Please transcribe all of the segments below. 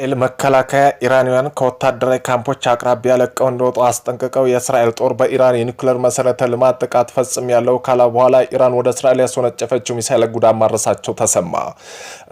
የእስራኤል መከላከያ ኢራናውያን ከወታደራዊ ካምፖች አቅራቢያ ለቀው እንደወጡ አስጠንቅቀው የእስራኤል ጦር በኢራን የኒውክሌር መሰረተ ልማት ጥቃት ፈጽም ያለው ካላ በኋላ ኢራን ወደ እስራኤል ያስወነጨፈችው ሚሳይል ጉዳት ማድረሳቸው ተሰማ።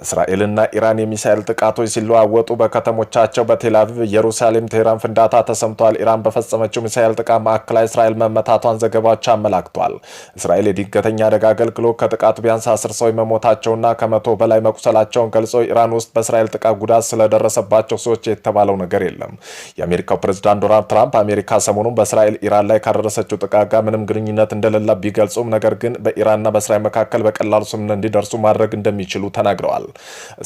እስራኤልና ኢራን የሚሳይል ጥቃቶች ሲለዋወጡ በከተሞቻቸው በቴላቪቭ ኢየሩሳሌም፣ ቴህራን ፍንዳታ ተሰምተዋል። ኢራን በፈጸመችው ሚሳይል ጥቃት ማዕከላዊ እስራኤል መመታቷን ዘገባዎች አመላክቷል። እስራኤል የድንገተኛ አደጋ አገልግሎት ከጥቃቱ ቢያንስ አስር ሰው መሞታቸውና ከመቶ በላይ መቁሰላቸውን ገልጾ ኢራን ውስጥ በእስራኤል ጥቃት ጉዳት ስለደረሰ የደረሰባቸው ሰዎች የተባለው ነገር የለም። የአሜሪካው ፕሬዚዳንት ዶናልድ ትራምፕ አሜሪካ ሰሞኑን በእስራኤል ኢራን ላይ ካደረሰችው ጥቃት ጋር ምንም ግንኙነት እንደሌለ ቢገልጹም ነገር ግን በኢራንና በእስራኤል መካከል በቀላሉ ስምምነት እንዲደርሱ ማድረግ እንደሚችሉ ተናግረዋል።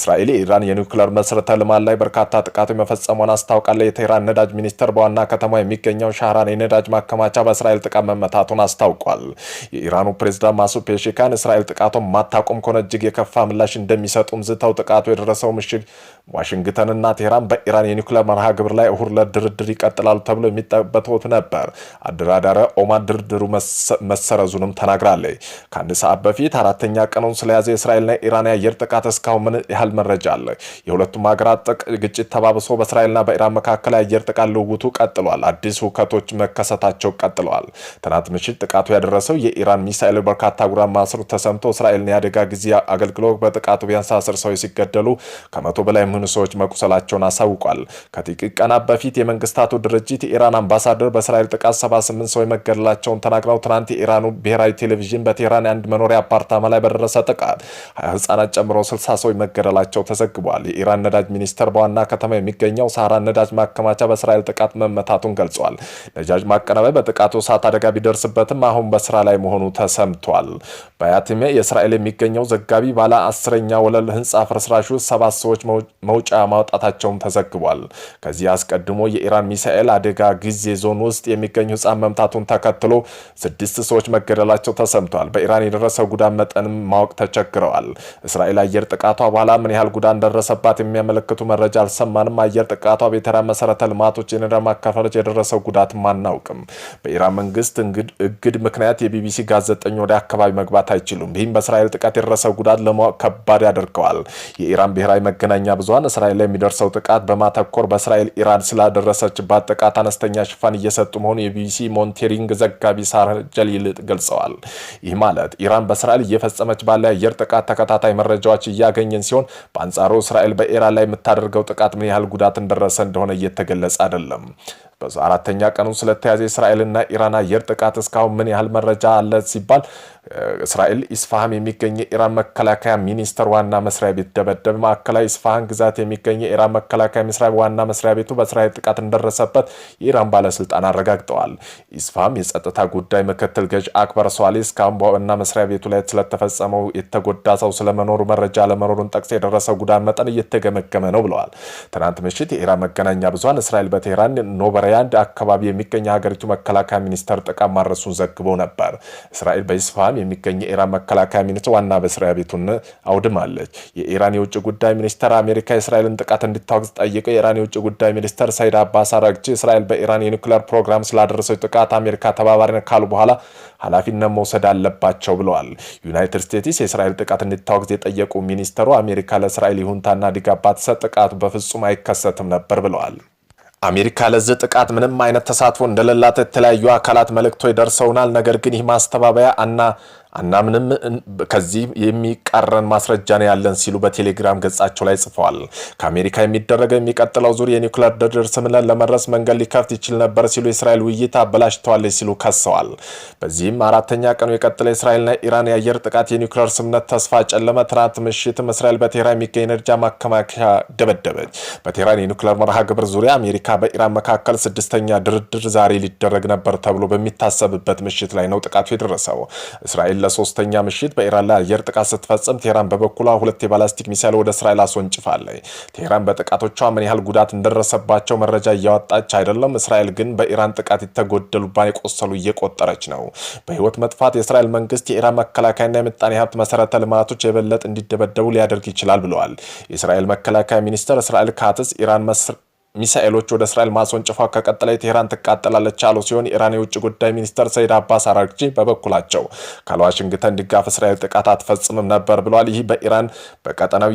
እስራኤል የኢራን የኒውክሌር መሰረተ ልማት ላይ በርካታ ጥቃቶች መፈጸሟን አስታውቃለች። የቴህራን ነዳጅ ሚኒስቴር በዋና ከተማ የሚገኘው ሻህራን የነዳጅ ማከማቻ በእስራኤል ጥቃት መመታቱን አስታውቋል። የኢራኑ ፕሬዚዳንት ማሱድ ፔሽካን እስራኤል ጥቃቱን ማታቆም ከሆነ እጅግ የከፋ ምላሽ እንደሚሰጡም ዝተው ጥቃቱ የደረሰው ምሽግ ዋሽንግተንና እና ቴህራን በኢራን የኒኩሌር መርሃ ግብር ላይ እሁድ ዕለት ድርድር ይቀጥላሉ ተብሎ የሚጠበቁት ነበር። አደራዳሪ ኦማን ድርድሩ መሰረዙንም ተናግራለች። ከአንድ ሰዓት በፊት አራተኛ ቀኑን ስለያዘ የእስራኤልና ኢራን የአየር ጥቃት እስካሁን ምን ያህል መረጃ አለ? የሁለቱም ሀገራት ግጭት ተባብሶ በእስራኤልና በኢራን መካከል የአየር ጥቃት ልውውቱ ቀጥሏል። አዲስ ሁከቶች መከሰታቸው ቀጥለዋል። ትናንት ምሽት ጥቃቱ ያደረሰው የኢራን ሚሳኤል በርካታ ጉዳት ማስሩ ተሰምቶ እስራኤልን የአደጋ ጊዜ አገልግሎት በጥቃቱ ቢያንስ አስር ሰዎች ሲገደሉ ከመቶ በላይ የሚሆኑ ሰዎች መቁሰል መቀበላቸውን አሳውቋል። ከጥቂት ቀናት በፊት የመንግስታቱ ድርጅት የኢራን አምባሳደር በእስራኤል ጥቃት 78 ሰው የመገደላቸውን ተናግረው ትናንት የኢራኑ ብሔራዊ ቴሌቪዥን በቴህራን የአንድ መኖሪያ አፓርታማ ላይ በደረሰ ጥቃት ህጻናት ጨምሮ 60 ሰው መገደላቸው ተዘግቧል። የኢራን ነዳጅ ሚኒስቴር በዋና ከተማ የሚገኘው ሳራ ነዳጅ ማከማቻ በእስራኤል ጥቃት መመታቱን ገልጿል። ነዳጅ ማቀናበያ በጥቃቱ እሳት አደጋ ቢደርስበትም አሁን በስራ ላይ መሆኑ ተሰምቷል። በያቲሜ የእስራኤል የሚገኘው ዘጋቢ ባለ አስረኛ ወለል ህንፃ ውስጥ ሰባት ሰዎች መውጫ ማውጣት መምታታቸውም ተዘግቧል። ከዚህ አስቀድሞ የኢራን ሚሳኤል አደጋ ጊዜ ዞን ውስጥ የሚገኙ ህፃን መምታቱን ተከትሎ ስድስት ሰዎች መገደላቸው ተሰምቷል። በኢራን የደረሰው ጉዳት መጠንም ማወቅ ተቸግረዋል። እስራኤል አየር ጥቃቷ በኋላ ምን ያህል ጉዳት እንደደረሰባት የሚያመለክቱ መረጃ አልሰማንም። አየር ጥቃቷ በተራ መሰረተ ልማቶች፣ የነዳ ማከፋፈሎች የደረሰው ጉዳትም አናውቅም። በኢራን መንግስት እግድ ምክንያት የቢቢሲ ጋዜጠኞች ወደ አካባቢ መግባት አይችሉም። ይህም በእስራኤል ጥቃት የደረሰው ጉዳት ለማወቅ ከባድ ያደርገዋል። የኢራን ብሔራዊ መገናኛ ብዙሀን እስራኤል ላይ የሚደርስ በሚደርሰው ጥቃት በማተኮር በእስራኤል ኢራን ስላደረሰችባት ጥቃት አነስተኛ ሽፋን እየሰጡ መሆኑ የቢቢሲ ሞንቴሪንግ ዘጋቢ ሳር ጀሊል ገልጸዋል። ይህ ማለት ኢራን በእስራኤል እየፈጸመች ባለ የአየር ጥቃት ተከታታይ መረጃዎች እያገኘን ሲሆን፣ በአንጻሩ እስራኤል በኢራን ላይ የምታደርገው ጥቃት ምን ያህል ጉዳት እንደረሰ እንደሆነ እየተገለጸ አይደለም። በአራተኛ ቀኑ ስለተያዘ የእስራኤልና ኢራን አየር ጥቃት እስካሁን ምን ያህል መረጃ አለ ሲባል እስራኤል ኢስፋሃን የሚገኝ የኢራን መከላከያ ሚኒስቴር ዋና መስሪያ ቤት ደበደበ። ማዕከላዊ ኢስፋሃን ግዛት የሚገኝ የኢራን መከላከያ ሚኒስቴር ዋና መስሪያ ቤቱ በእስራኤል ጥቃት እንደደረሰበት የኢራን ባለስልጣን አረጋግጠዋል። ኢስፋሃን የጸጥታ ጉዳይ ምክትል ገዥ አክበር ሷሊ እስካሁን በዋና መስሪያ ቤቱ ላይ ስለተፈጸመው የተጎዳ ሰው ስለመኖሩ መረጃ ለመኖሩን ጠቅሰ የደረሰው ጉዳት መጠን እየተገመገመ ነው ብለዋል። ትናንት ምሽት የኢራን መገናኛ ብዙኃን እስራኤል በቴህራን ኖበሪያ 21 አካባቢ የሚገኝ የሀገሪቱ መከላከያ ሚኒስተር ጥቃት ማድረሱን ዘግበው ነበር። እስራኤል በኢስፋሃን የሚገኝ የኢራን መከላከያ ሚኒስትር ዋና መስሪያ ቤቱን አውድማለች። የኢራን የውጭ ጉዳይ ሚኒስተር አሜሪካ የእስራኤልን ጥቃት እንድታወግዝ ጠየቀ። የኢራን የውጭ ጉዳይ ሚኒስተር ሰይድ አባስ አራግቺ እስራኤል በኢራን የኒውክሌር ፕሮግራም ስላደረሰው ጥቃት አሜሪካ ተባባሪ ካሉ በኋላ ኃላፊነት መውሰድ አለባቸው ብለዋል። ዩናይትድ ስቴትስ የእስራኤል ጥቃት እንድታወግዝ የጠየቁ ሚኒስተሩ አሜሪካ ለእስራኤል ይሁንታና ድጋፍ ባትሰጥ ጥቃቱ በፍጹም አይከሰትም ነበር ብለዋል። አሜሪካ ለዚህ ጥቃት ምንም አይነት ተሳትፎ እንደሌላት የተለያዩ አካላት መልእክቶች ደርሰውናል። ነገር ግን ይህ ማስተባበያ እና አናምንም፣ ከዚህ የሚቃረን ማስረጃ ነው ያለን ሲሉ በቴሌግራም ገጻቸው ላይ ጽፈዋል። ከአሜሪካ የሚደረገው የሚቀጥለው ዙር የኒውክሌር ድርድር ስምምነት ለመድረስ መንገድ ሊከፍት ይችል ነበር ሲሉ የእስራኤል ውይይት አበላሽተዋለች ሲሉ ከሰዋል። በዚህም አራተኛ ቀኑ የቀጠለ የእስራኤልና ኢራን የአየር ጥቃት የኒውክሌር ስምምነት ተስፋ ጨለመ። ትናንት ምሽትም እስራኤል በቴህራን የሚገኝ ኤነርጂ ማከማከያ ደበደበች። በቴህራን የኒውክሌር መርሃ ግብር ዙሪያ አሜሪካ በኢራን መካከል ስድስተኛ ድርድር ዛሬ ሊደረግ ነበር ተብሎ በሚታሰብበት ምሽት ላይ ነው ጥቃቱ የደረሰው። እስራኤል ለሶስተኛ ምሽት በኢራን ላይ አየር ጥቃት ስትፈጽም ቴህራን በበኩሏ ሁለት የባላስቲክ ሚሳይል ወደ እስራኤል አስወንጭፋለች። ቴህራን በጥቃቶቿ ምን ያህል ጉዳት እንደደረሰባቸው መረጃ እያወጣች አይደለም። እስራኤል ግን በኢራን ጥቃት የተጎደሉባን የቆሰሉ እየቆጠረች ነው። በህይወት መጥፋት የእስራኤል መንግስት የኢራን መከላከያና የምጣኔ ሀብት መሰረተ ልማቶች የበለጥ እንዲደበደቡ ሊያደርግ ይችላል ብለዋል። የእስራኤል መከላከያ ሚኒስትር እስራኤል ካትስ ኢራን ሚሳኤሎች ወደ እስራኤል ማስወንጨፏ ከቀጠለ ቴህራን ትቃጠላለች አሉ ሲሆን የኢራን የውጭ ጉዳይ ሚኒስትር ሰይድ አባስ አራግጂ በበኩላቸው ካለዋሽንግተን ድጋፍ እስራኤል ጥቃት አትፈጽምም ነበር ብሏል። ይህ በኢራን በቀጠናው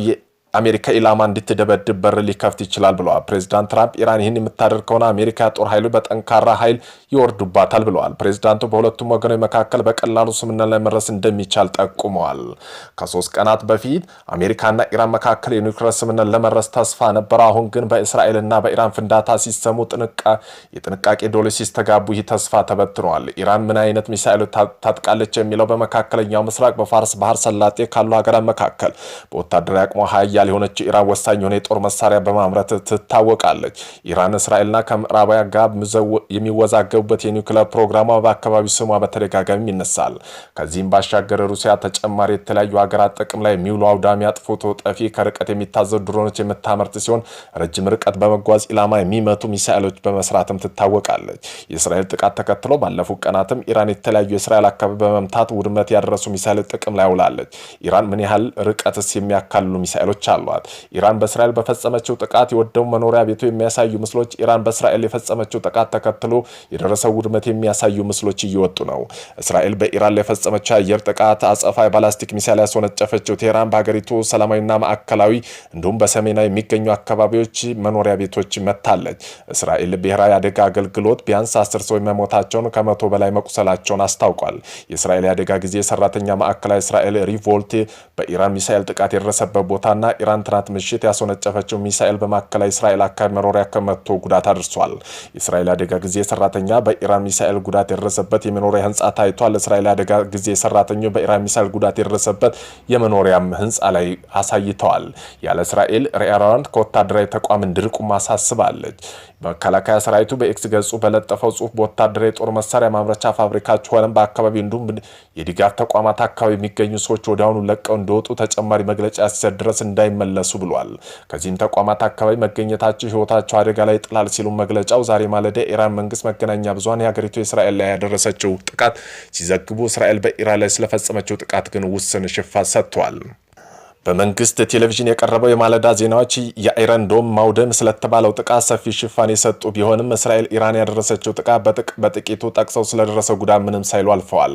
አሜሪካ ኢላማ እንድትደበድብ በር ሊከፍት ይችላል ብለዋል ፕሬዚዳንት ትራምፕ። ኢራን ይህን የምታደርግ ከሆነ አሜሪካ ጦር ኃይሉ በጠንካራ ኃይል ይወርዱባታል ብለዋል ፕሬዚዳንቱ። በሁለቱም ወገኖች መካከል በቀላሉ ስምምነት ላይ መድረስ እንደሚቻል ጠቁመዋል። ከሶስት ቀናት በፊት አሜሪካና ኢራን መካከል የኒውክሌር ስምምነት ለመድረስ ተስፋ ነበረ። አሁን ግን በእስራኤልና በኢራን ፍንዳታ ሲሰሙ የጥንቃቄ ዶሎ ሲስተጋቡ ይህ ተስፋ ተበትነዋል። ኢራን ምን አይነት ሚሳኤሎች ታጥቃለች የሚለው በመካከለኛው ምስራቅ በፋርስ ባህር ሰላጤ ካሉ ሀገራት መካከል በወታደራዊ አቅሞ ሀያ ሀያል የሆነች ኢራን ወሳኝ የሆነ የጦር መሳሪያ በማምረት ትታወቃለች። ኢራን እስራኤልና ከምዕራባውያን ጋር የሚወዛገቡበት የኒውክሌር ፕሮግራሟ በአካባቢው ስሟ በተደጋጋሚ ይነሳል። ከዚህም ባሻገር ሩሲያ ተጨማሪ የተለያዩ ሀገራት ጥቅም ላይ የሚውሉ አውዳሚ አጥፍቶ ጠፊ ከርቀት የሚታዘዙ ድሮኖች የምታመርት ሲሆን ረጅም ርቀት በመጓዝ ኢላማ የሚመቱ ሚሳኤሎች በመስራትም ትታወቃለች። የእስራኤል ጥቃት ተከትሎ ባለፉት ቀናትም ኢራን የተለያዩ የእስራኤል አካባቢ በመምታት ውድመት ያደረሱ ሚሳኤሎች ጥቅም ላይ ውላለች። ኢራን ምን ያህል ርቀትስ የሚያካልሉ ሚሳኤሎች አሏት። ኢራን በእስራኤል በፈጸመችው ጥቃት የወደሙ መኖሪያ ቤቱ የሚያሳዩ ምስሎች ኢራን በእስራኤል የፈጸመችው ጥቃት ተከትሎ የደረሰው ውድመት የሚያሳዩ ምስሎች እየወጡ ነው። እስራኤል በኢራን ላይ የፈጸመችው የአየር ጥቃት አጸፋ የባላስቲክ ሚሳይል ያስወነጨፈችው ቴህራን በሀገሪቱ ሰላማዊና ማዕከላዊ እንዲሁም በሰሜናዊ የሚገኙ አካባቢዎች መኖሪያ ቤቶች መታለች። እስራኤል ብሔራዊ አደጋ አገልግሎት ቢያንስ አስር ሰው መሞታቸውን ከመቶ በላይ መቁሰላቸውን አስታውቋል። የእስራኤል የአደጋ ጊዜ ሰራተኛ ማዕከላዊ እስራኤል ሪቮልት በኢራን ሚሳኤል ጥቃት የደረሰበት ቦታና ኢራን ትናንት ምሽት ያስወነጨፈችው ሚሳኤል በማዕከላዊ እስራኤል አካባቢ መኖሪያ ከመቶ ጉዳት አድርሷል። የእስራኤል አደጋ ጊዜ ሰራተኛ በኢራን ሚሳኤል ጉዳት የደረሰበት የመኖሪያ ህንፃ ታይቷል። እስራኤል አደጋ ጊዜ ሰራተኛ በኢራን ሚሳኤል ጉዳት የደረሰበት የመኖሪያም ህንፃ ላይ አሳይተዋል። ያለ እስራኤል ኢራን ከወታደራዊ ተቋም እንዲርቁም ማሳስባለች። መከላከያ ሰራዊቱ በኤክስ ገጹ በለጠፈው ጽሁፍ በወታደራዊ የጦር መሳሪያ ማምረቻ ፋብሪካዎች ሆነም በአካባቢ እንዲሁም የድጋፍ ተቋማት አካባቢ የሚገኙ ሰዎች ወዲያውኑ ለቀው እንደወጡ ተጨማሪ መግለጫ ሲሰጥ ድረስ እንዳይ እንዳይመለሱ ብሏል። ከዚህም ተቋማት አካባቢ መገኘታቸው ህይወታቸው አደጋ ላይ ጥላል ሲሉ መግለጫው ዛሬ ማለዳ ኢራን መንግስት መገናኛ ብዙሀን የሀገሪቱ እስራኤል ላይ ያደረሰችው ጥቃት ሲዘግቡ፣ እስራኤል በኢራን ላይ ስለፈጸመችው ጥቃት ግን ውስን ሽፋን ሰጥቷል። በመንግስት ቴሌቪዥን የቀረበው የማለዳ ዜናዎች የአይረን ዶም ማውደም ስለተባለው ጥቃት ሰፊ ሽፋን የሰጡ ቢሆንም እስራኤል ኢራን ያደረሰችው ጥቃት በጥቂቱ ጠቅሰው ስለደረሰው ጉዳት ምንም ሳይሉ አልፈዋል።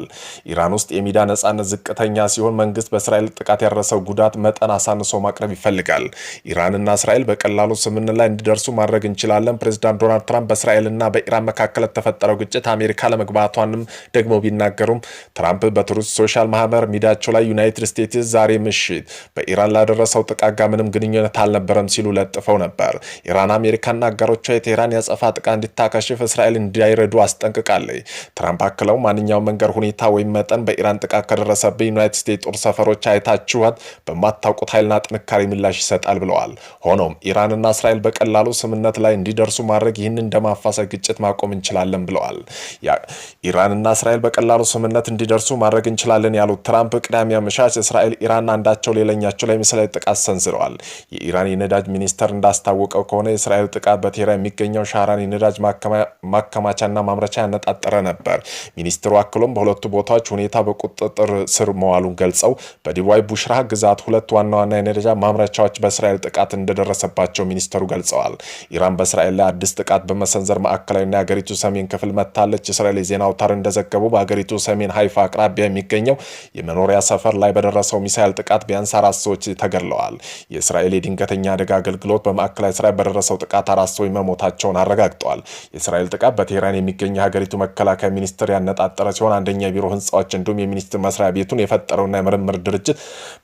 ኢራን ውስጥ የሚዲያ ነጻነት ዝቅተኛ ሲሆን መንግስት በእስራኤል ጥቃት ያደረሰው ጉዳት መጠን አሳንሶ ማቅረብ ይፈልጋል። ኢራንና እስራኤል በቀላሉ ስምምነት ላይ እንዲደርሱ ማድረግ እንችላለን። ፕሬዚዳንት ዶናልድ ትራምፕ በእስራኤልና በኢራን መካከል የተፈጠረው ግጭት አሜሪካ ለመግባቷንም ደግሞ ቢናገሩም ትራምፕ በትሩዝ ሶሻል ማህበር ሚዲያቸው ላይ ዩናይትድ ስቴትስ ዛሬ ምሽት በኢራን ላደረሰው ጥቃት ጋር ምንም ግንኙነት አልነበረም ሲሉ ለጥፈው ነበር። ኢራን አሜሪካና አጋሮቿ የቴህራን የአጸፋ ጥቃት እንዲታከሽፍ እስራኤል እንዳይረዱ አስጠንቅቃለች። ትራምፕ አክለው ማንኛውም መንገድ፣ ሁኔታ ወይም መጠን በኢራን ጥቃት ከደረሰብን ዩናይትድ ስቴትስ ጦር ሰፈሮች አይታችኋት በማታውቁት ኃይልና ጥንካሬ ምላሽ ይሰጣል ብለዋል። ሆኖም ኢራንና እስራኤል በቀላሉ ስምነት ላይ እንዲደርሱ ማድረግ ይህን እንደማፋሰስ ግጭት ማቆም እንችላለን ብለዋል። ኢራንና እስራኤል በቀላሉ ስምነት እንዲደርሱ ማድረግ እንችላለን ያሉት ትራምፕ ቅዳሜ አመሻሽ እስራኤል፣ ኢራን አንዳቸው ሌላኛ መገናኛቸው ላይ ምስላዊ ጥቃት ሰንዝረዋል። የኢራን የነዳጅ ሚኒስቴር እንዳስታወቀው ከሆነ የእስራኤል ጥቃት በቴህራን የሚገኘው ሻራን የነዳጅ ማከማቻና ማምረቻ ያነጣጠረ ነበር። ሚኒስትሩ አክሎም በሁለቱ ቦታዎች ሁኔታ በቁጥጥር ስር መዋሉን ገልጸው በዲዋይ ቡሽራ ግዛት ሁለት ዋና ዋና የነዳጅ ማምረቻዎች በእስራኤል ጥቃት እንደደረሰባቸው ሚኒስተሩ ገልጸዋል። ኢራን በእስራኤል ላይ አዲስ ጥቃት በመሰንዘር ማዕከላዊና የሀገሪቱ ሰሜን ክፍል መታለች። እስራኤል የዜና አውታር እንደዘገቡ በሀገሪቱ ሰሜን ሀይፋ አቅራቢያ የሚገኘው የመኖሪያ ሰፈር ላይ በደረሰው ሚሳይል ጥቃት ቢያንስ አራት ሰዎች ተገድለዋል። የእስራኤል የድንገተኛ አደጋ አገልግሎት በማዕከላዊ እስራኤል በደረሰው ጥቃት አራት ሰዎች መሞታቸውን አረጋግጠዋል። የእስራኤል ጥቃት በቴህራን የሚገኝ የሀገሪቱ መከላከያ ሚኒስቴር ያነጣጠረ ሲሆን አንደኛ የቢሮ ህንፃዎች እንዲሁም የሚኒስቴር መስሪያ ቤቱን የፈጠረውና የምርምር ድርጅት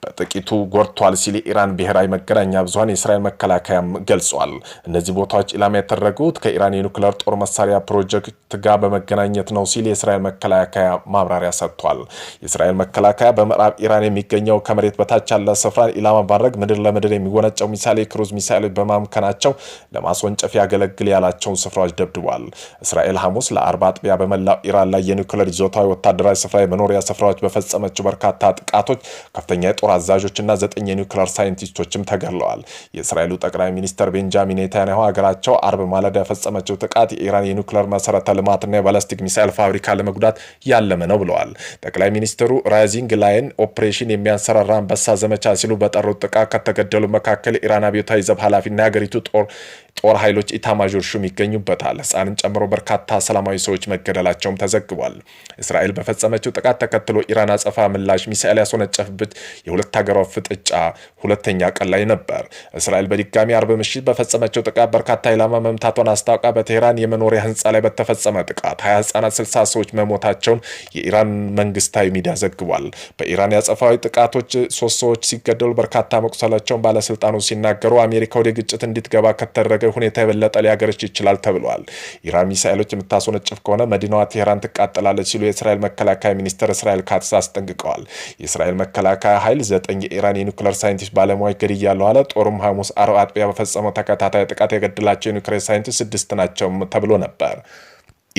በጥቂቱ ጎድቷል ሲል የኢራን ብሔራዊ መገናኛ ብዙሀን የእስራኤል መከላከያም ገልጿል። እነዚህ ቦታዎች ኢላማ የተደረጉት ከኢራን የኒኩሌር ጦር መሳሪያ ፕሮጀክት ጋር በመገናኘት ነው ሲል የእስራኤል መከላከያ ማብራሪያ ሰጥቷል። የእስራኤል መከላከያ በምዕራብ ኢራን የሚገኘው ከመሬት በታች ያለ ስፍራን ኢላማ ማድረግ ምድር ለምድር የሚወነጨው ሚሳኤል የክሩዝ ሚሳኤሎች በማምከናቸው ለማስወንጨፍ ያገለግል ያላቸውን ስፍራዎች ደብድቧል። እስራኤል ሐሙስ ለአርብ አጥቢያ በመላው ኢራን ላይ የኒውክሌር ይዞታዊ ወታደራዊ ስፍራ የመኖሪያ ስፍራዎች በፈጸመችው በርካታ ጥቃቶች ከፍተኛ የጦር አዛዦችና ዘጠኝ የኒውክሌር ሳይንቲስቶችም ተገድለዋል። የእስራኤሉ ጠቅላይ ሚኒስትር ቤንጃሚን ኔታንያሁ ሀገራቸው አርብ ማለዳ የፈጸመችው ጥቃት የኢራን የኒውክሌር መሰረተ ልማትና የባላስቲክ ሚሳኤል ፋብሪካ ለመጉዳት ያለመ ነው ብለዋል። ጠቅላይ ሚኒስትሩ ራይዚንግ ላይን ኦፕሬሽን የሚያንሰራራ አንበሳ ዘመቻ ሲሉ በጠሩት ጥቃት ከተገደሉ መካከል ኢራን አብዮታዊ ዘብ ኃላፊና የሀገሪቱ ጦር ኃይሎች ኢታማዦር ሹም ይገኙበታል። ህፃንን ጨምሮ በርካታ ሰላማዊ ሰዎች መገደላቸውም ተዘግቧል። እስራኤል በፈጸመችው ጥቃት ተከትሎ ኢራን አጸፋ ምላሽ ሚሳኤል ያስወነጨፍበት የሁለት ሀገሯ ፍጥጫ ሁለተኛ ቀን ላይ ነበር። እስራኤል በድጋሚ አርብ ምሽት በፈጸመችው ጥቃት በርካታ ኢላማ መምታቷን አስታውቃ በቴህራን የመኖሪያ ህንፃ ላይ በተፈጸመ ጥቃት ሀያ ህጻናት ስልሳ ሰዎች መሞታቸውን የኢራን መንግስታዊ ሚዲያ ዘግቧል። በኢራን ያጸፋዊ ጥቃቶች ሶስት ሰዎች ሲገደሉ በርካታ መቁሰላቸውን ባለስልጣኑ ሲናገሩ አሜሪካ ወደ ግጭት እንድትገባ ከተደረገ ሁኔታ የበለጠ ሊያገረች ይችላል ተብሏል። ኢራን ሚሳኤሎች የምታስወነጭፍ ከሆነ መዲናዋ ቴህራን ትቃጠላለች ሲሉ የእስራኤል መከላከያ ሚኒስትር እስራኤል ካትስ አስጠንቅቀዋል። የእስራኤል መከላከያ ኃይል ዘጠኝ የኢራን የኒኩሌር ሳይንቲስት ባለሙያዎች ገድያለሁ አለ። ጦሩም ሐሙስ አርብ አጥቢያ በፈጸመው ተከታታይ ጥቃት የገደላቸው የኒኩሌር ሳይንቲስት ስድስት ናቸው ተብሎ ነበር።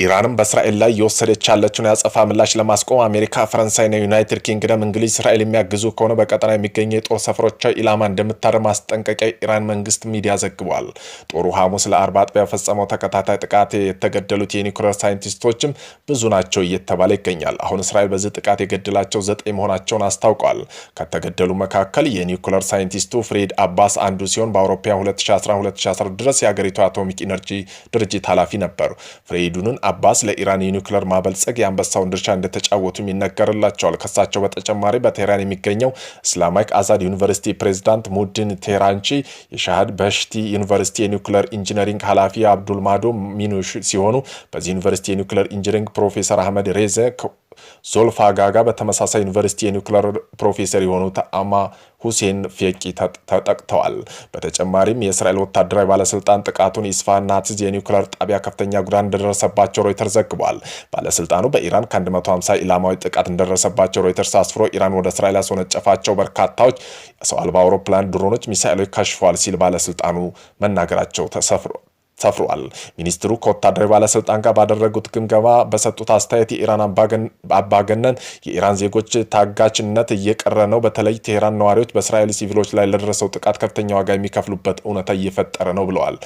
ኢራንም በእስራኤል ላይ እየወሰደች ያለችውን ያጸፋ ምላሽ ለማስቆም አሜሪካ፣ ፈረንሳይና ዩናይትድ ኪንግደም፣ እንግሊዝ እስራኤል የሚያግዙ ከሆነ በቀጠና የሚገኙ የጦር ሰፈሮቿ ኢላማ እንደምታደር ማስጠንቀቂያ ኢራን መንግስት ሚዲያ ዘግቧል። ጦሩ ሐሙስ ለአርባ አጥቢያ በፈጸመው ተከታታይ ጥቃት የተገደሉት የኒኩሌር ሳይንቲስቶችም ብዙ ናቸው እየተባለ ይገኛል። አሁን እስራኤል በዚህ ጥቃት የገደላቸው ዘጠኝ መሆናቸውን አስታውቋል። ከተገደሉ መካከል የኒኩሌር ሳይንቲስቱ ፍሬድ አባስ አንዱ ሲሆን በአውሮፓውያን 2011 2012 ድረስ የአገሪቱ አቶሚክ ኢነርጂ ድርጅት ኃላፊ ነበሩ። ፍሬዱንን አባስ ለኢራን የኒውክሌር ማበልጸግ የአንበሳውን ድርሻ እንደተጫወቱም ይነገርላቸዋል። ከሳቸው በተጨማሪ በቴህራን የሚገኘው እስላማይክ አዛድ ዩኒቨርሲቲ ፕሬዚዳንት ሙድን ቴራንቺ፣ የሻህድ በሽቲ ዩኒቨርሲቲ የኒውክሌር ኢንጂነሪንግ ኃላፊ አብዱልማዶ ሚኑሽ ሲሆኑ በዚህ ዩኒቨርሲቲ የኒውክሌር ኢንጂነሪንግ ፕሮፌሰር አህመድ ሬዘ ዞልፋጋጋ በተመሳሳይ ዩኒቨርሲቲ የኒውክለር ፕሮፌሰር የሆኑት አማ ሁሴን ፌቂ ተጠቅተዋል። በተጨማሪም የእስራኤል ወታደራዊ ባለስልጣን ጥቃቱን ይስፋ ናትዝ የኒክለር ጣቢያ ከፍተኛ ጉዳት እንደደረሰባቸው ሮይተርስ ዘግቧል። ባለስልጣኑ በኢራን ከ150 ኢላማዊ ጥቃት እንደደረሰባቸው ሮይተርስ አስፍሮ ኢራን ወደ እስራኤል ያስወነጨፋቸው በርካታዎች ሰው አልባ አውሮፕላን፣ ድሮኖች፣ ሚሳኤሎች ከሽፏል ሲል ባለስልጣኑ መናገራቸው ተሰፍሯል። ሰፍሯል። ሚኒስትሩ ከወታደራዊ ባለስልጣን ጋር ባደረጉት ግምገማ በሰጡት አስተያየት የኢራን አምባገነን የኢራን ዜጎች ታጋችነት እየቀረ ነው። በተለይ ቴህራን ነዋሪዎች በእስራኤል ሲቪሎች ላይ ለደረሰው ጥቃት ከፍተኛ ዋጋ የሚከፍሉበት እውነታ እየፈጠረ ነው ብለዋል።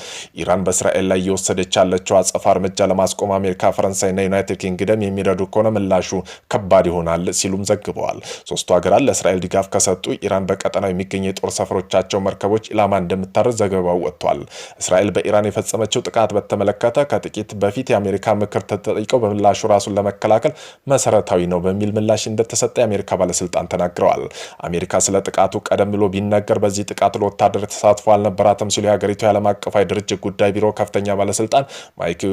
ኢራን በእስራኤል ላይ እየወሰደች ያለችው አጸፋ እርምጃ ለማስቆም አሜሪካ፣ ፈረንሳይና ዩናይትድ ኪንግደም የሚረዱ ከሆነ ምላሹ ከባድ ይሆናል ሲሉም ዘግበዋል። ሶስቱ ሀገራት ለእስራኤል ድጋፍ ከሰጡ ኢራን በቀጠናው የሚገኙ የጦር ሰፈሮቻቸው መርከቦች ኢላማ እንደምታደርግ ዘገባው ወጥቷል። እስራኤል በኢራን የፈጸመ በፈጸመችው ጥቃት በተመለከተ ከጥቂት በፊት የአሜሪካ ምክር ተጠይቀው በምላሹ ራሱን ለመከላከል መሰረታዊ ነው በሚል ምላሽ እንደተሰጠ የአሜሪካ ባለስልጣን ተናግረዋል። አሜሪካ ስለ ጥቃቱ ቀደም ብሎ ቢነገር በዚህ ጥቃት ለወታደር ተሳትፎ አልነበራትም ሲሉ የሀገሪቱ የዓለም አቀፋዊ ድርጅት ጉዳይ ቢሮ ከፍተኛ ባለስልጣን ማይክ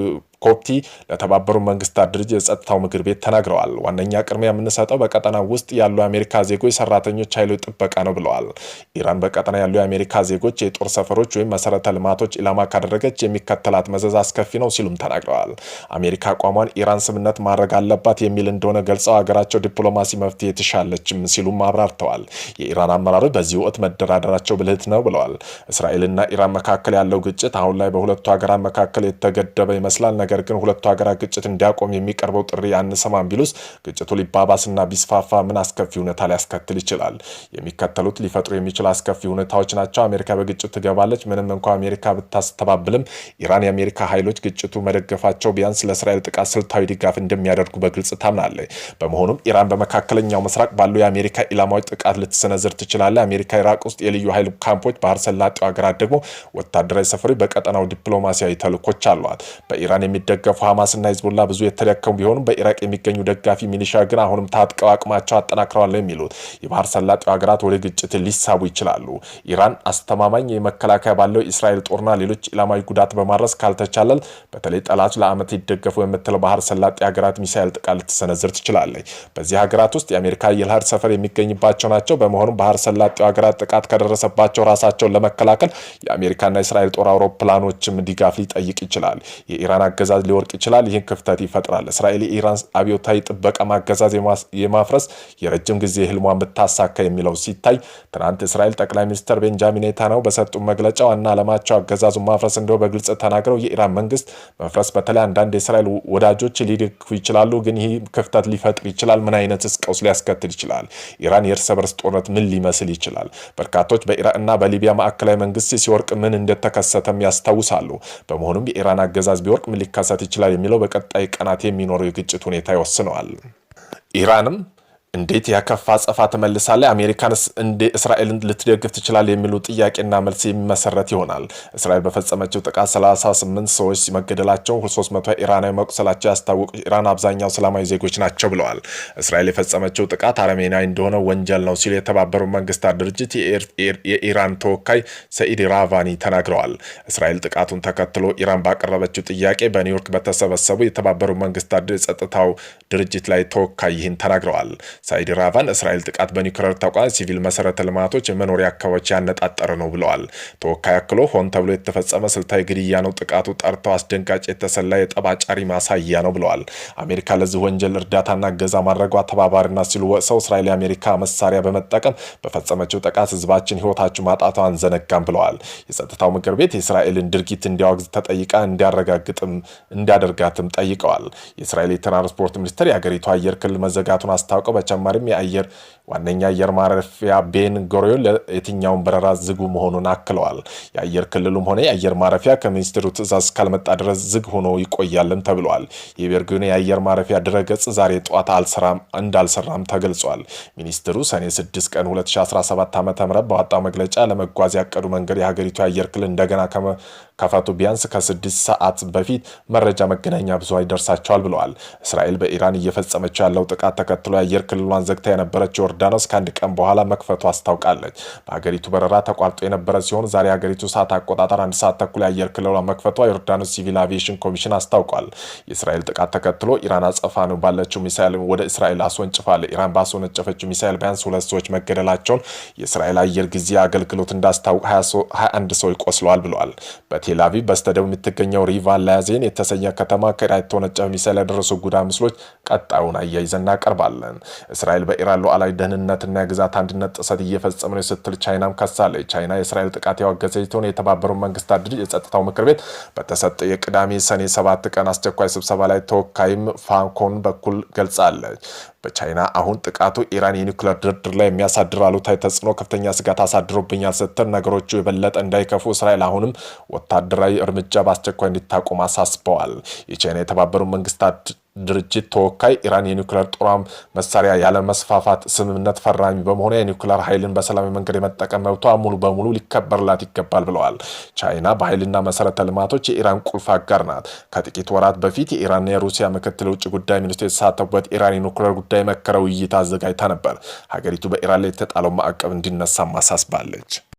ኮፕቲ ለተባበሩ መንግስታት ድርጅት የጸጥታው ምክር ቤት ተናግረዋል። ዋነኛ ቅድሚያ የምንሰጠው በቀጠና ውስጥ ያሉ የአሜሪካ ዜጎች ሰራተኞች ኃይሎች ጥበቃ ነው ብለዋል። ኢራን በቀጠና ያሉ የአሜሪካ ዜጎች የጦር ሰፈሮች ወይም መሰረተ ልማቶች ኢላማ ካደረገች የሚከተላት መዘዝ አስከፊ ነው ሲሉም ተናግረዋል። አሜሪካ አቋሟን ኢራን ስምነት ማድረግ አለባት የሚል እንደሆነ ገልጸው ሀገራቸው ዲፕሎማሲ መፍትሄ ትሻለችም ሲሉም አብራርተዋል። የኢራን አመራሮች በዚህ ወቅት መደራደራቸው ብልህት ነው ብለዋል። እስራኤልና ኢራን መካከል ያለው ግጭት አሁን ላይ በሁለቱ ሀገራት መካከል የተገደበ ይመስላል። ነገር ግን ሁለቱ ሀገራት ግጭት እንዲያቆም የሚቀርበው ጥሪ አንሰማም ቢሉስ ግጭቱ ሊባባስና ቢስፋፋ ምን አስከፊ ሁኔታ ሊያስከትል ይችላል? የሚከተሉት ሊፈጥሩ የሚችሉ አስከፊ ሁኔታዎች ናቸው። አሜሪካ በግጭቱ ትገባለች። ምንም እንኳ አሜሪካ ብታስተባብልም ኢራን የአሜሪካ ኃይሎች ግጭቱ መደገፋቸው ቢያንስ ለእስራኤል ጥቃት ስልታዊ ድጋፍ እንደሚያደርጉ በግልጽ ታምናለች። በመሆኑም ኢራን በመካከለኛው ምስራቅ ባሉ የአሜሪካ ኢላማዎች ጥቃት ልትሰነዝር ትችላለች። አሜሪካ ኢራቅ ውስጥ የልዩ ኃይል ካምፖች፣ ባህር ሰላጤው ሀገራት ደግሞ ወታደራዊ ሰፈሪ፣ በቀጠናው ዲፕሎማሲያዊ ተልእኮች አሏት። በኢራን የሚ የሚደገፉ ሀማስና ሂዝቦላ ብዙ የተዳከሙ ቢሆኑም በኢራቅ የሚገኙ ደጋፊ ሚሊሻ ግን አሁንም ታጥቀው አቅማቸው አጠናክረዋል የሚሉት የባህር ሰላጤው ሀገራት ወደ ግጭት ሊሳቡ ይችላሉ። ኢራን አስተማማኝ የመከላከያ ባለው እስራኤል ጦርና ሌሎች ኢላማዊ ጉዳት በማድረስ ካልተቻለል በተለይ ጠላት ለዓመት ይደገፉ የምትለው ባህር ሰላጤ ሀገራት ሚሳይል ጥቃት ልትሰነዝር ትችላለች። በዚህ ሀገራት ውስጥ የአሜሪካ የልሃድ ሰፈር የሚገኝባቸው ናቸው። በመሆኑም ባህር ሰላጤው ሀገራት ጥቃት ከደረሰባቸው ራሳቸውን ለመከላከል የአሜሪካና እስራኤል ጦር አውሮፕላኖችም ድጋፍ ሊጠይቅ ይችላል። የኢራን አገዛ አገዛዝ ሊወርቅ ይችላል። ይህን ክፍተት ይፈጥራል። እስራኤል የኢራን አብዮታዊ ጥበቃ ማገዛዝ የማፍረስ የረጅም ጊዜ ህልሟ የምታሳካ የሚለው ሲታይ ትናንት እስራኤል ጠቅላይ ሚኒስትር ቤንጃሚን ኔታንያሁ በሰጡ መግለጫ ዋና ዓላማቸው አገዛዙን ማፍረስ እንደው በግልጽ ተናግረው የኢራን መንግስት መፍረስ በተለይ አንዳንድ የእስራኤል ወዳጆች ሊደግፉ ይችላሉ፣ ግን ይህ ክፍተት ሊፈጥር ይችላል። ምን አይነት ቀውስ ሊያስከትል ይችላል? ኢራን የእርስ በርስ ጦርነት ምን ሊመስል ይችላል? በርካቶች በኢራን እና በሊቢያ ማዕከላዊ መንግስት ሲወርቅ ምን እንደተከሰተም ያስታውሳሉ። በመሆኑም የኢራን አገዛዝ ቢወርቅ ምን ሊከ መካሰት ይችላል የሚለው በቀጣይ ቀናት የሚኖረው የግጭት ሁኔታ ይወስነዋል። ኢራንም እንዴት ያከፋ ጸፋ ተመልሳለ አሜሪካንስ እንደ እስራኤልን ልትደግፍ ትችላል? የሚሉ ጥያቄና መልስ የሚመሰረት ይሆናል። እስራኤል በፈጸመችው ጥቃት 38 ሰዎች መገደላቸው፣ 300 ኢራናዊ መቁሰላቸው ያስታወቁ ኢራን አብዛኛው ሰላማዊ ዜጎች ናቸው ብለዋል። እስራኤል የፈጸመችው ጥቃት አረሜናዊ እንደሆነ ወንጀል ነው ሲል የተባበሩ መንግስታት ድርጅት የኢራን ተወካይ ሰኢድ ራቫኒ ተናግረዋል። እስራኤል ጥቃቱን ተከትሎ ኢራን ባቀረበችው ጥያቄ በኒውዮርክ በተሰበሰቡ የተባበሩ መንግስታት የጸጥታው ድርጅት ላይ ተወካይ ይህን ተናግረዋል። ሳይድ ራቫን እስራኤል ጥቃት በኒክለር ተቋም፣ ሲቪል መሰረተ ልማቶች፣ የመኖሪያ አካባቢዎች ያነጣጠረ ነው ብለዋል። ተወካይ አክሎ ሆን ተብሎ የተፈጸመ ስልታዊ ግድያ ነው ጥቃቱ ጠርተው አስደንጋጭ የተሰላ የጠባጫሪ ማሳያ ነው ብለዋል። አሜሪካ ለዚህ ወንጀል እርዳታና እገዛ ማድረጓ ተባባሪና ሲሉ ወቅሰው እስራኤል የአሜሪካ መሳሪያ በመጠቀም በፈጸመችው ጥቃት ህዝባችን ህይወታችሁ ማጣቷ አንዘነጋም ብለዋል። የጸጥታው ምክር ቤት የእስራኤልን ድርጊት እንዲያወግዝ ተጠይቃ እንዲያረጋግጥም እንዲያደርጋትም ጠይቀዋል። የእስራኤል የትራንስፖርት ሚኒስትር የአገሪቱ አየር ክልል መዘጋቱን አስታውቀው ተጨማሪም የአየር ዋነኛ አየር ማረፊያ ቤን ጎሪዮን ለየትኛውን በረራ ዝጉ መሆኑን አክለዋል። የአየር ክልሉም ሆነ የአየር ማረፊያ ከሚኒስትሩ ትእዛዝ ካልመጣ ድረስ ዝግ ሆኖ ይቆያልን ተብለዋል። የቤርጊዮን የአየር ማረፊያ ድረገጽ ዛሬ ጠዋት አልሰራም እንዳልሰራም ተገልጿል። ሚኒስትሩ ሰኔ 6 ቀን 2017 ዓ ም በወጣው መግለጫ ለመጓዝ ያቀዱ መንገድ የሀገሪቱ የአየር ክልል እንደገና ከፈቱ ቢያንስ ከስድስት ሰዓት በፊት መረጃ መገናኛ ብዙሃን ይደርሳቸዋል ብለዋል። እስራኤል በኢራን እየፈጸመችው ያለው ጥቃት ተከትሎ የአየር ክልሏን ዘግታ የነበረች ዮርዳኖስ ከአንድ ቀን በኋላ መክፈቱ አስታውቃለች። በሀገሪቱ በረራ ተቋርጦ የነበረ ሲሆን ዛሬ ሀገሪቱ ሰዓት አቆጣጠር አንድ ሰዓት ተኩል የአየር ክልሏ መክፈቷ ዮርዳኖስ ሲቪል አቪዬሽን ኮሚሽን አስታውቋል። የእስራኤል ጥቃት ተከትሎ ኢራን አጸፋ ነው ባለችው ሚሳይል ወደ እስራኤል አስወንጭፋለ። ኢራን ባስወነጨፈችው ሚሳይል ቢያንስ ሁለት ሰዎች መገደላቸውን የእስራኤል አየር ጊዜ አገልግሎት እንዳስታውቅ 21 ሰዎች ቆስለዋል ብለዋል። በቴል በስተደቡብ የምትገኘው ሪቫ ላያዜን የተሰኘ ከተማ ከኢራን የተወነጨፈ ሚሳይል ያደረሱ ጉዳ ምስሎች ቀጣዩን አያይዘን እናቀርባለን። እስራኤል በኢራን ሉዓላዊ ደህንነትና የግዛት አንድነት ጥሰት እየፈጸመ ነው ስትል ቻይናም ከሳለች። ቻይና የእስራኤል ጥቃት ያወገዘች ሲሆን የተባበሩት መንግስታት ድርጅት የጸጥታው ምክር ቤት በተሰጠ የቅዳሜ ሰኔ ሰባት ቀን አስቸኳይ ስብሰባ ላይ ተወካይም ፋንኮን በኩል ገልጻለች። በቻይና አሁን ጥቃቱ ኢራን የኒውክሌር ድርድር ላይ የሚያሳድር አሉታዊ ተጽዕኖ ከፍተኛ ስጋት አሳድሮብኛል ስትል ነገሮቹ የበለጠ እንዳይከፉ እስራኤል አሁንም ወታደራዊ እርምጃ በአስቸኳይ እንዲታቆም አሳስበዋል። የቻይና የተባበሩት መንግስታት ድርጅት ተወካይ ኢራን የኒውክሌር ጦር መሳሪያ ያለ መስፋፋት ስምምነት ፈራሚ በመሆኑ የኒውክሌር ኃይልን በሰላማዊ መንገድ የመጠቀም መብቷ ሙሉ በሙሉ ሊከበርላት ይገባል ብለዋል። ቻይና በኃይልና መሰረተ ልማቶች የኢራን ቁልፍ አጋር ናት። ከጥቂት ወራት በፊት የኢራንና የሩሲያ ምክትል ውጭ ጉዳይ ሚኒስትር የተሳተፉበት ኢራን የኒውክሌር ጉዳይ መከረ ውይይት አዘጋጅታ ነበር። ሀገሪቱ በኢራን ላይ የተጣለው ማዕቀብ እንዲነሳ ማሳስባለች።